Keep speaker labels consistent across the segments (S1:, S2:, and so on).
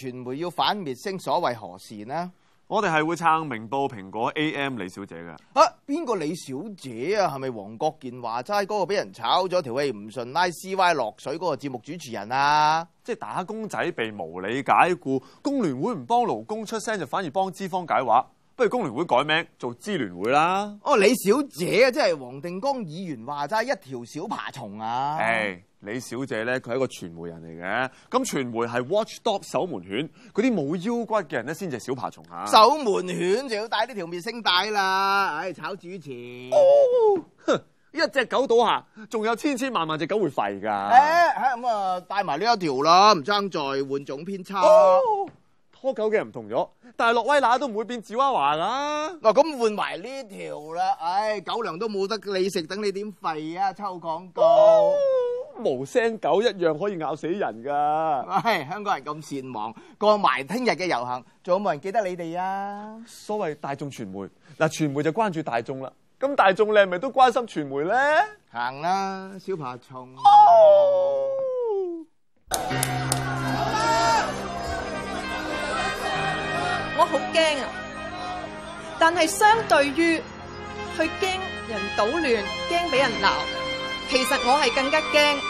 S1: 傳媒要反滅聲，所為何事呢？我哋係會撐明報蘋果 AM 李小姐嘅。啊，邊個李小姐啊？係咪黃國健話齋嗰個俾人炒咗條氣唔順，拉 C Y 落水嗰個節目主持人啊？即係打工仔被無理解僱，工聯會唔幫勞工出聲，就反而幫資方
S2: 解話。不如工聯會改名做支聯會啦。
S1: 哦、啊，李小姐啊，即係黃定光議員話齋一條小爬蟲啊。Hey.
S2: 李小姐咧，佢係一個傳媒人嚟嘅。咁傳媒係 watchdog 守門犬，嗰啲冇腰骨嘅人咧，先至係小爬蟲下、啊、守門犬就
S1: 要戴呢條面聲帶啦。唉、哎，炒主持。哦，哼，
S2: 一隻狗倒下，仲有千千萬萬隻狗會吠㗎。誒、
S1: 哎，咁、哎、啊，戴埋呢一條啦，唔爭再換種編輯、啊。哦，拖狗嘅人唔同咗，但係洛威娜都唔會變芝娃娃啦哇，咁、啊、換埋呢條啦。唉、哎，狗糧都冇得你食，等你點吠啊？抽廣告。哦無聲狗一樣可以咬死人噶，係香港人咁善忘，過埋聽日嘅遊行，仲有冇人記得你哋啊？所謂大眾傳媒，嗱傳媒就關注大眾啦，咁大眾你係咪都關心傳媒咧？行啦，小爬蟲。
S2: 我好驚啊，但係相對於去驚人搗亂、驚
S1: 俾人鬧，其實我係更加驚。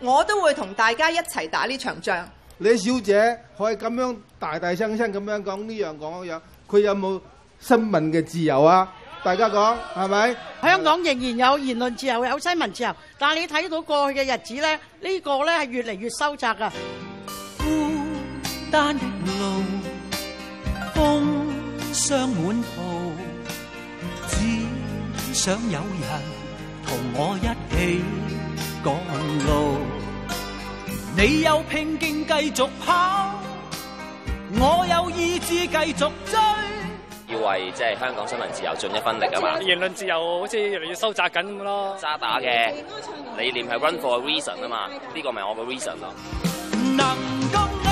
S1: 我都會同大家一齊打呢場仗。
S3: 李小姐可以咁樣大大聲聲咁樣講呢樣講嗰樣，佢有冇新聞嘅自由啊？大家講係咪？
S4: 香港仍然有言論自由，有新聞自由，但係你睇到過去嘅日子咧，呢個咧係越嚟越收窄啊。孤單的路，風霜滿途，只想有人同我一起。你有拼勁繼續跑，我有意志繼續追。
S1: 要為即係香港新聞自由盡一分力啊嘛！言論自由好似越嚟越收窄緊咁咯。渣打嘅理念係 run for a reason 啊嘛，呢個咪我嘅 reason 咯。
S5: 能夠你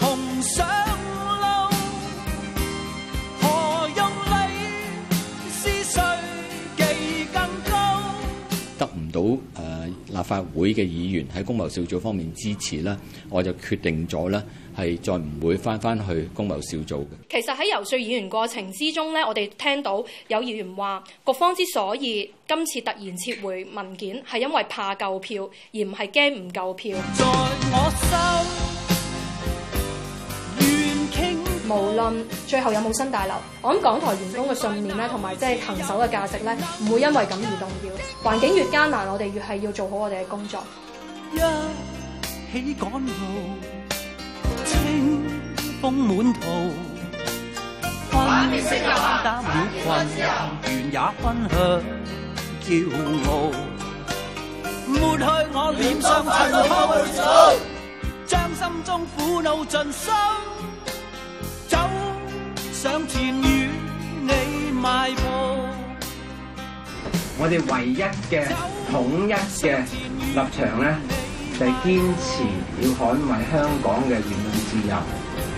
S5: 同
S4: 到、呃、立法會嘅議員喺公務小組方面支持呢，我就決定咗呢，係再唔會翻返去公務小組。其實喺游説議員過程之中呢，我哋聽到有議員話，各方之所以今次突然撤回文件，係因為怕夠票，而唔係驚唔夠票。在我無論最後有冇新大樓，我諗港台員工嘅信念咧，同埋即係恒守嘅價值咧，唔會因為咁而動搖。環境越艱難，我哋越係要做好我哋嘅工作。一起趕路，清風滿途，分擔了困，完也分享驕傲，抹去我臉上塵土，將心中苦惱盡收。我哋唯一嘅統一嘅立場咧，
S3: 就係堅持要捍衞香港嘅言論自由，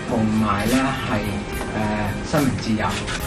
S3: 同埋咧係誒新聞自由。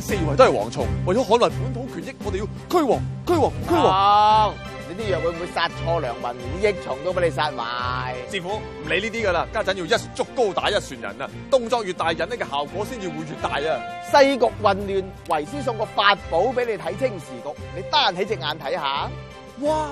S1: 四圍都係蝗蟲，為咗捍衛本土權益，我哋要驅蝗、驅蝗、驅蝗。你啲藥會唔會殺錯良民？連益蟲都俾你殺埋。師
S2: 傅唔理呢啲噶啦，家陣要一竹篙打一船人啊！動作越大，引呢
S1: 嘅效果先至會越大啊！世局混亂，為師送個法寶俾你睇清時局。你單起隻眼睇下，
S2: 哇！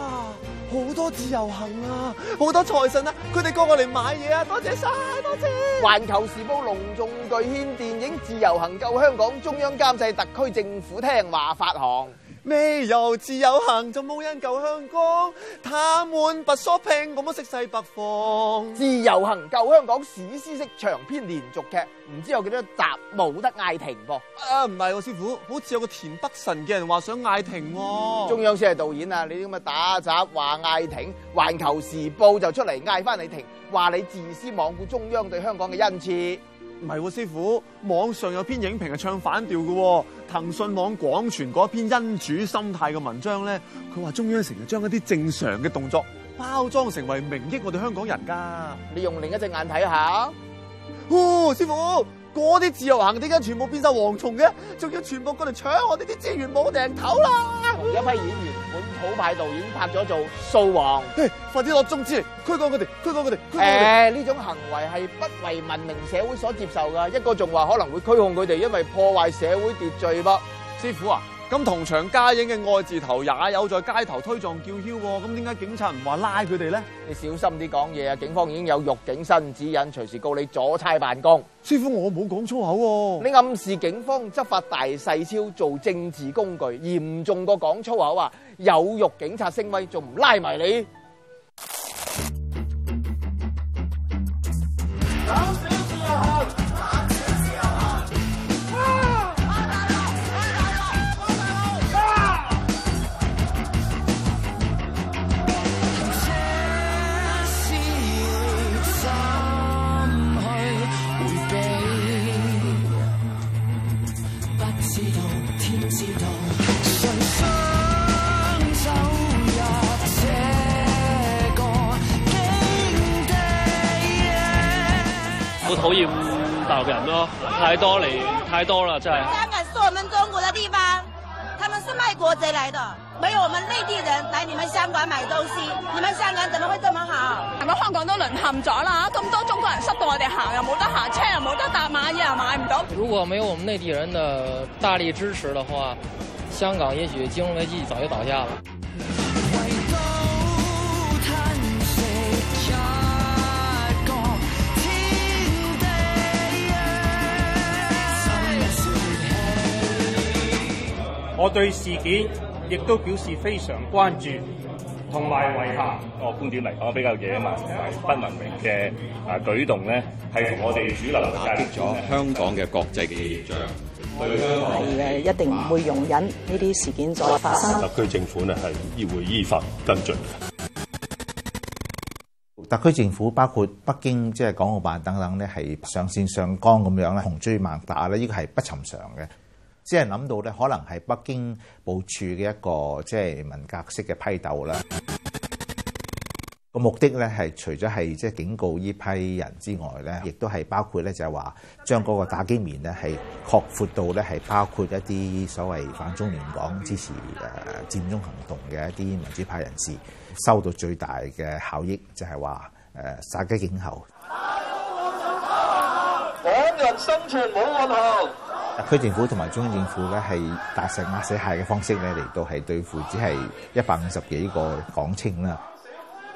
S2: 好多自由行啊，好
S1: 多財神啊，佢哋過嚟買嘢啊！多謝晒，多謝！環球時報隆重钜獻電影《自由行救香港》，中央監製，特區政府聽話發行。咩遊自由行就冇人救香港，他們不 shopping，我誓死不放。自由行救香港史詩式長篇連續劇，唔知道有幾多少集冇得嗌停噃？啊，唔係喎，師傅，好似有個田北辰嘅人話想嗌停喎、喔嗯。中央先係導演啊，你咁啊打雜話嗌停，環球時報就出嚟嗌返你停，話你自私，罔顧中央對香港嘅恩賜。嗯。唔係、啊，師傅，網上有篇影評係唱反調嘅。騰訊網廣傳嗰篇恩主
S2: 心態嘅文章咧，佢話中央成日將一啲正常嘅動作包裝成為名益
S1: 我哋香港人噶。你用另一隻眼睇下。嗚、
S2: 哦、師傅，嗰啲自由行點解全部變晒蝗蟲嘅？仲要全部過嚟搶我哋啲資源冇定頭啦！
S1: 同一批演員，本土派導演拍咗做掃黃、欸，快啲落中資嚟驅趕佢哋，驅趕佢哋，驅趕佢哋。欸，呢種行為係不為文明社會所接受㗎。一個仲話可能會驅控佢哋，因為破壞社會秩序噃。師傅啊！咁同場加映嘅愛字頭也有在街頭推撞叫囂，咁點解警察唔話拉佢哋咧？你小心啲講嘢啊！警方已經有辱警新指引，隨時告你阻差辦公。
S2: 師傅，我冇講
S1: 粗口喎！你暗示警方執法大細超做政治工具，嚴重過講粗口啊！有辱警察聲威，仲唔拉埋你？人咯，
S4: 太多嚟，太多了真係。香
S2: 港是我們中國的地方，他們是賣國賊來的，沒有我們內地人來你們香港買東西，你們香港怎麼會這麼好？
S1: 香港香港都淪陷咗啦，咁多中
S2: 國人塞到我哋行又
S1: 冇得行，車又冇得搭，嘢又
S4: 買唔到。如果沒有我們內地人的大力支持的話，香港也許金融危機早就倒下了。
S1: 我對事件亦都表示非常關注，同埋遺憾。個觀點嚟講，比較野蠻、不文明
S2: 嘅啊舉動咧，係同我哋主流打擊咗香港嘅國際嘅
S4: 形象。係嘅，一定唔會容忍呢啲事件再發生。
S2: 特區政府咧係要會依法跟進。
S3: 特區政府包括北京即係港澳辦等等咧，係上線上綱咁樣咧，窮追猛打咧，呢個係不尋常嘅。即係諗到咧，可能係北京部署嘅一個即係文革式嘅批鬥啦。個目的咧係除咗係即係警告呢批人之外咧，亦都係包括咧就係話將嗰個打擊面咧係擴闊到咧係包括一啲所謂反中聯港支持誒佔中行動嘅一啲民主派人士，收到最大嘅效益，就係話誒殺雞儆猴。
S4: 港人生存冇運行。
S3: 特區政府同埋中央政府咧，係大石壓死蟹嘅方式咧嚟到，係對付只係一百五十幾個港青啦，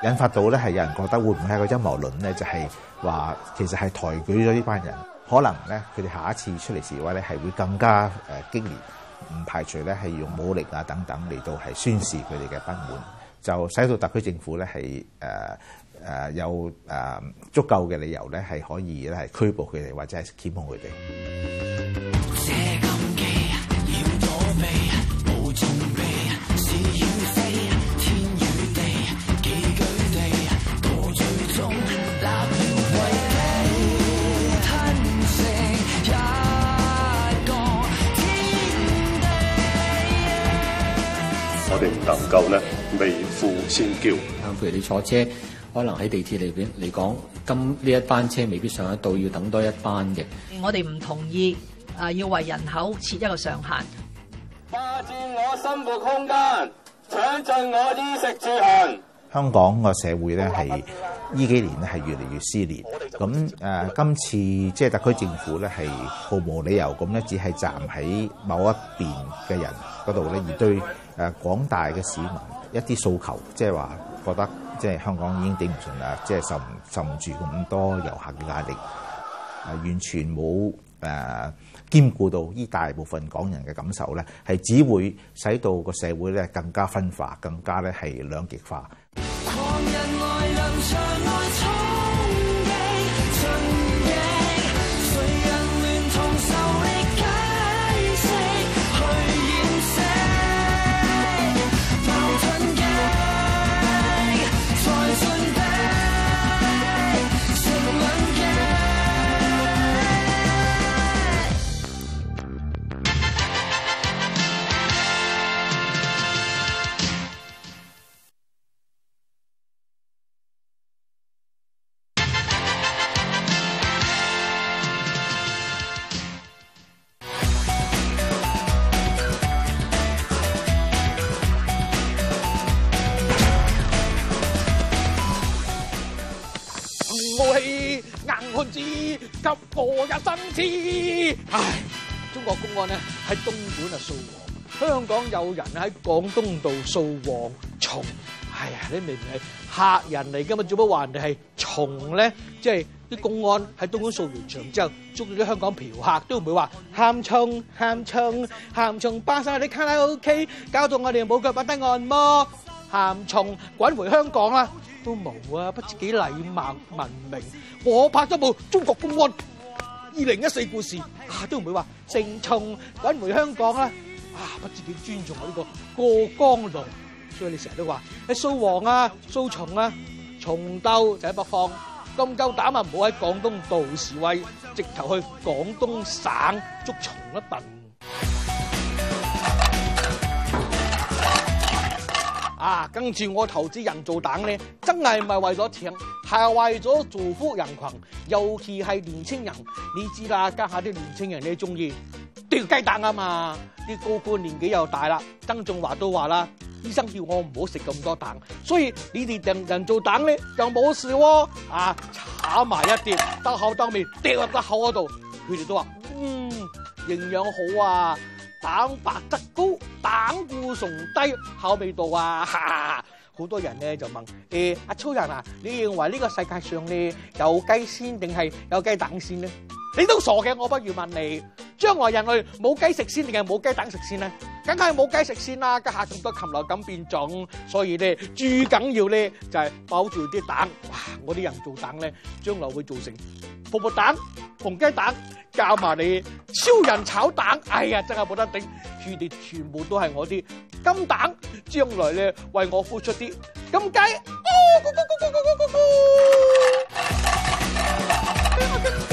S3: 引發到咧係有人覺得會唔會係一個陰謀論咧？就係話其實係抬舉咗呢班人，可能咧佢哋下一次出嚟示威咧係會更加誒激烈，唔排除咧係用武力啊等等嚟到係宣示佢哋嘅不滿，就使到特區政府咧係誒誒有誒足夠嘅理由咧係可以咧係拘捕佢哋或者係檢控佢哋。
S4: 先叫譬如你坐車，可能喺地鐵裏邊嚟講，今呢一班車未必上得到，要等多一班嘅。我哋唔同意、呃、要為人口設一個上限霸占我生活空間，搶盡我衣食住行。
S3: 香港個社會咧係呢幾年咧係越嚟越撕裂。咁誒、呃，今次即係特區政府咧係毫無理由咁咧，只係站喺某一邊嘅人度咧，而對誒廣、呃、大嘅市民的。一啲訴求，即係話覺得即係香港已經頂唔順啦，即係受唔受唔住咁多遊客嘅壓力，係完全冇誒、呃、兼顧到呢大部分港人嘅感受咧，係只會使到個社會咧更加分化，更加咧係兩極化。
S4: 知急過一生痴，唉！中國公安咧喺東莞啊掃黃，香港有人喺廣東道掃黃蟲，哎呀！你明唔明係客人嚟噶嘛，做乜話人哋係蟲咧？即係啲公安喺東莞掃完場之後，捉住啲香港嫖客都唔會話鹹蟲、鹹蟲、鹹蟲，霸曬啲卡拉 OK，搞到我哋冇腳板得按摩，鹹蟲滾回香港啦！都冇啊，不知幾禮貌文明。我拍咗部《中國公安》二零一四故事，啊都唔會話正衝滾回香港啦。啊，不知幾尊重我呢個過江龍，所以你成日都話你掃蝗啊、掃蟲啊，蟲斗就喺北方，咁夠膽啊，唔好喺廣東道示威，直頭去廣東省捉蟲一躉。啊，跟住我投資人造蛋咧，真係唔係為咗錢，係為咗造福人群，尤其係年青人。你知啦，家下啲年青人咧中意掉雞蛋啊嘛，啲高官年紀又大啦，曾俊華都話啦，醫生叫我唔好食咁多蛋，所以你哋人造蛋咧就冇事喎，哦。啊，炒埋一碟，兜口兜面掉入個口嗰度，佢哋都話，嗯，營養好啊。蛋白質高，膽固醇低，口味道啊！哈哈，好多人咧就問誒，阿、欸、超人啊，你認為呢個世界上咧有雞先定係有雞蛋先咧？你都傻嘅，我不如問你，將來人類冇雞食先定係冇雞蛋食先咧？梗係冇雞食先啦！家下咁多禽流感變種，所以咧最緊要咧就係保住啲蛋。哇！我啲人做蛋咧，將來會造成。瀑布蛋、鳳雞蛋，教埋你超人炒蛋，哎呀，真係冇得頂，佢哋全部都係我啲金蛋，將來咧為我付出啲金雞，哦咕咕咕咕咕咕咕。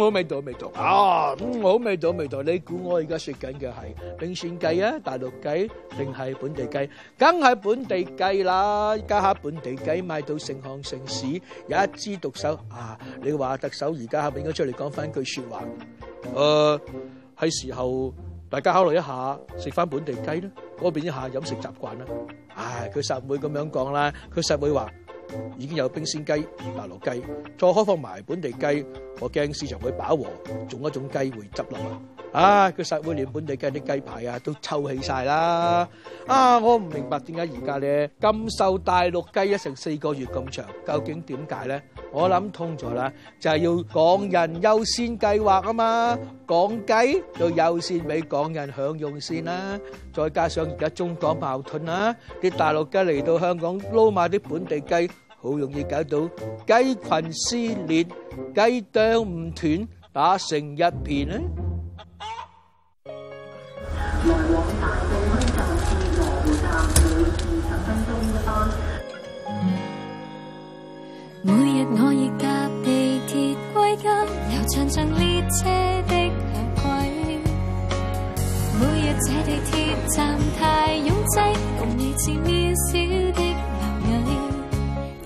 S4: 好味道，味道啊！好味道，味道。你估我而家食緊嘅係冰鮮雞啊，大陸雞定係本地雞？梗係本地雞啦！家下本地雞賣到成行成市，有一枝獨秀啊！你話特首而家下應該出嚟講翻句說話，誒，係時候大家考慮一下食翻本地雞啦。嗰邊一下飲食習慣啦，唉，佢實唔會咁樣講啦，佢實會話。已經有冰鮮雞、大陸雞，再開放埋本地雞，我驚市場會飽和，種一種雞會執笠啊！啊，佢實會連本地雞啲雞排啊，都抽起晒啦！啊，我唔明白點解而家咧，禁售大陸雞一成四個月咁長，究竟點解咧？我諗通咗啦，就係要港人優先計劃啊嘛，港雞就優先俾港人享用先啦，再加上而家中港矛盾啦，啲大陸雞嚟到香港撈埋啲本地雞。好容易搞到雞羣撕裂，雞啄唔斷，打成一
S5: 片咧。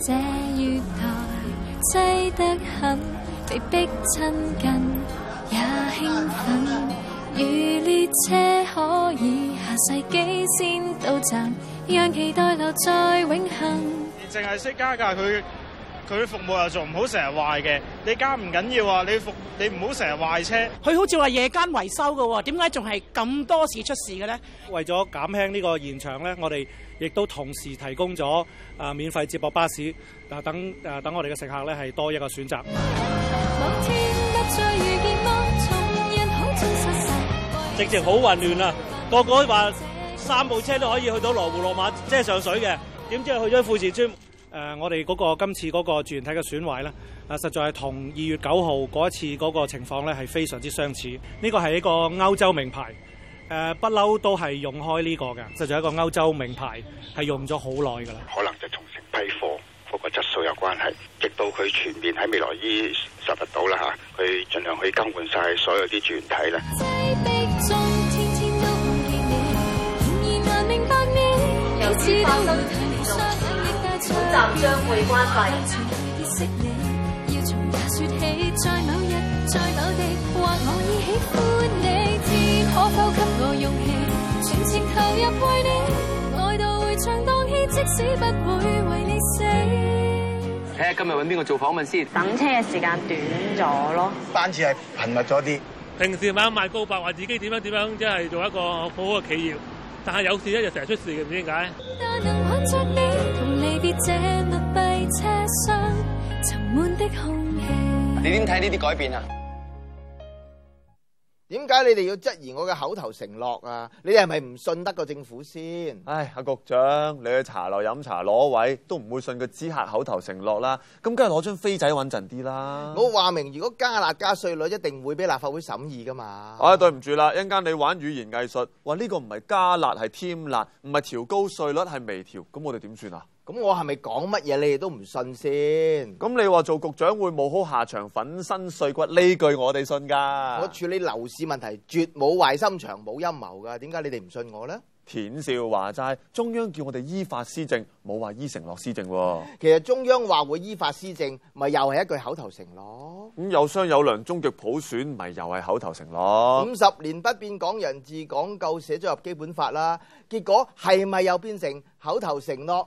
S5: 這月台擠得很，被迫親近也興奮。如列車可以下世紀先到站，讓期待留在永恒。
S3: 而淨係識加價，佢佢服務又做唔
S4: 好，成日壞嘅。你加唔緊要啊，你服你唔好成日壞車。佢好似話夜間維修噶，點解仲係咁多次出事嘅咧？為咗減輕呢個現場咧，我哋。亦都同時提供咗啊免費接駁巴士，嗱、啊、等啊等我哋嘅乘客咧係多一個選擇。直情好混亂啊！個個話三部車都可以去到羅湖落馬，即係上水嘅，點知去咗富士村？誒、啊，我哋嗰、嗰個今次嗰個鑽石嘅損壞咧，啊實在係同二月九號嗰一次嗰個情況咧係非常之相似。呢個係一個歐洲名牌。誒、呃，不嬲都係用開呢個㗎，就係一個歐洲名牌，係用咗好耐噶啦。可能就重成批貨，同
S3: 個質素有關係。直到佢全面喺未來依十日到啦吓，佢盡量去更換晒所有啲船體啦。
S5: 從天天都可否給我勇氣，全情投入愛你，愛到回腸盪氣，即使不會為你死。
S1: 哎，睇下今日搵邊個做訪問先？等車嘅時間短咗咯，班次係頻密咗啲。平時猛賣高發，話自己點樣點樣，即係做一個好好嘅企業。但係有時一日成日出事嘅，
S5: 唔知點解。你
S1: 點睇呢啲改變啊？點解你哋要質疑我嘅口頭承諾啊？你哋係咪唔信得個政府先？唉，阿局
S2: 長，你去茶樓飲茶攞位都唔會信個知客口頭承諾啦。咁梗係攞張飛仔穩陣啲啦。我
S1: 話明，如果加辣加稅率，一定會畀立法會審議㗎嘛。
S2: 唉，對唔住啦，一陣間你玩語言藝術，話呢個唔係加辣係添辣，唔係調高稅率
S1: 係微調，咁我哋點算啊？咁我係咪講乜嘢，你哋都唔信先？咁你話做局長會冇好下場、粉身碎骨呢句，我哋信噶。我處理樓市問題絕冇壞心腸、冇陰謀噶。點解你哋唔信我呢？田少話齋，中央叫我哋依法施政，冇話依承諾施政。其實中央話會依法施政，咪又係一句口頭承諾。
S2: 咁有商有量，終極普選咪又係口頭承諾。五
S1: 十年不變港人治港，夠，寫咗入基本法啦，結果係咪又變成口頭承諾？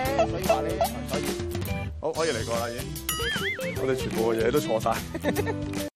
S2: 可以嚟過啦，已經，我哋全部嘅嘢都錯
S5: 晒。